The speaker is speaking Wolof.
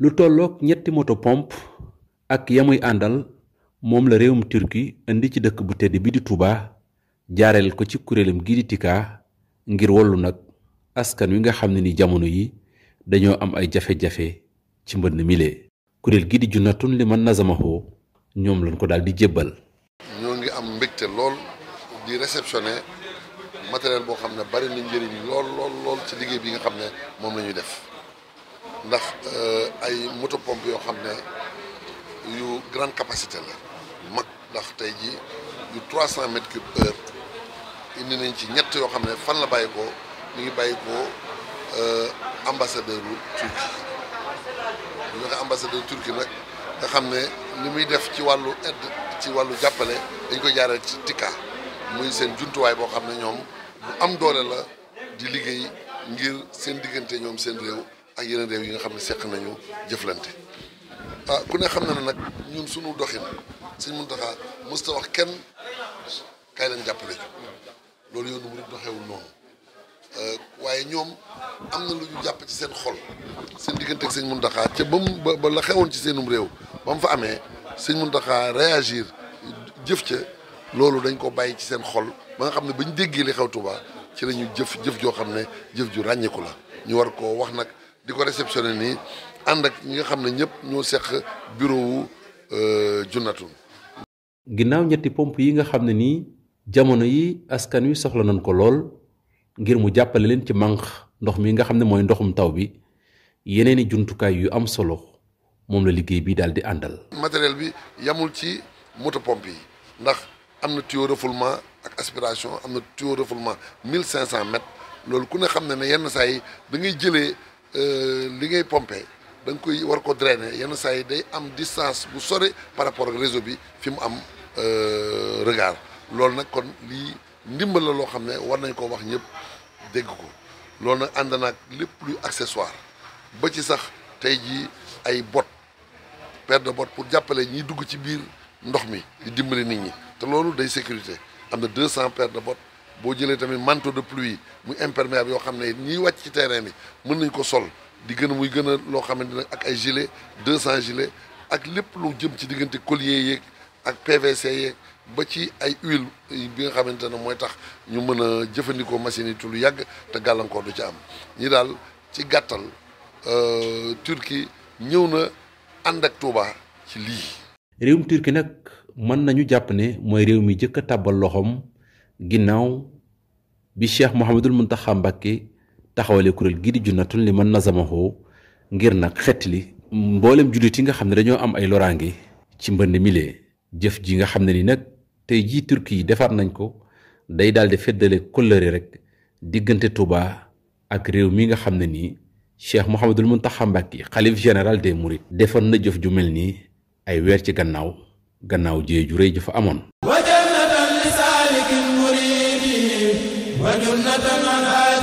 lu tollook ñetti moto pomp ak yamuy àndal moom la réewum turki indi ci dëkk bu tedd bi di Touba jaareel ko ci kuréelam gii di Tika ngir wollu nag askan wi nga xam ne ni jamono yi dañoo am ay jafe-jafe ci mbënn mile. kuréel gi di junnatun li man nazamaho ñoom lañ ko daal di jébbal. ñoo ngi am mbégte lool di réceptionné matériel boo xam ne bari na njëriñ lool lool lool ci liggéey bi nga xam ne moom la ñuy def ndax euh, ay moto pompe yoo xam ne yu grande capacité la mag ndax tey jii yu 300 mètres cube heure indi nañ ci ñett yoo xam ne fan la bàyyi ko mi ngi bàyyi ko euh, ambassadeur u Turquie bu ñu waxee ambassadeur Turquie nag nga xam ne li muy def ci wàllu aide ci wàllu jàppale dañ ko jaaree ci TICA muy seen jumtuwaay boo xam ne ñoom lu am doole la di liggéey ngir seen diggante ñoom seen réew ak yeneen réew yi nga xam ne seq nañu jëflante ah ku ne xam na ne nag ñun suñu doxin suñ mun taxaa mësta wax kenn kay leen jàppale loolu yoonu murid doxewul noonu euh, waaye ñoom am na lu ñu jàpp ci seen xol seen diggante ak sëñ Muntaxa ca ba mu ba la xewoon ci seenum réew ba mu fa amee sëñ Muntaxa réagir jëf ca loolu dañ ko bàyyi ci seen xol ba nga xam ne ba ñu déggee li xew Touba ci lañu jëf jëf joo xam ne jëf ju ràññeeku la ñu war koo wax nag di ko réceptionné nii ànd ak ñi nga xam ne ñëpp ñoo seq bureau wu euh, Junatun ginnaaw ñetti pompe yi nga xam ne nii jamono yi askan wi soxla nañ ko lool ngir mu jàppale leen ci manque ndox mi nga xam ne mooy ndoxum taw bi yeneen i jumtukaay yu am solo moom la liggéey bi daal di àndal. matériel bi yamul ci moto pompe yi am na tuyau refoulement ak aspiration am na tuyau refoulement 1500 mètres loolu ku ne xam ne ne yenn saa yi da ngay jëlee euh, li ngay pompe danga koy war ko drainer yenn saa yi day am distance bu sore par rapport ak réseau bi fi mu am euh, regard loolu nag kon lii ndimbal la loo xam ne war nañ koo wax ñëpp dégg ko loolu nag ànd naag lépp luy accessoire ba ci sax tey ji ay bot paire de bot pour jàppale ñiy dugg ci biir ndox mi di dimbali nit ñi loolu day sécurité am na deux 200 paires de bottes boo jëlee tamit manteau de pluie mu imperméable yoo xam ne ñiy wàcc ci terrain bi mën nañ ko sol di gën a muy gën a loo xamante ne ak ay gilet 200 gilet ak lépp lu jëm ci diggante collier yeeg ak PVC yeeg ba ci ay huile bi nga xamante ne mooy tax ñu mën a jëfandikoo machine yi lu yàgg te gàllankoor du ci am ñi daal ci gàttal euh, Turquie ñëw na ànd ak Touba ci lii. réewum turki nag mën nañu jàpp ne mooy réew mi jëkk a tàbbal loxoom ginnaaw bi cheikh mohamadul muntaxa mbàkke taxawale kuréel gii di junnatun li man nazamahu ngir nag xettali mboolem jullit yi nga xam ne dañoo am ay loraange ci mbënd milee jëf ji nga xam ne ni nag tey jii turki yi defar nañ ko day daal di feddale kóllëre rek diggante Touba ak réew mi nga xam ne nii cheikh mohamadul muntaxa mbàkke xalif général de mourides defoon na jëf ju mel nii ay weer ci gannaaw gannaaw jee ju rëy ji fa amoon wa jannatan li saalikin muridi wa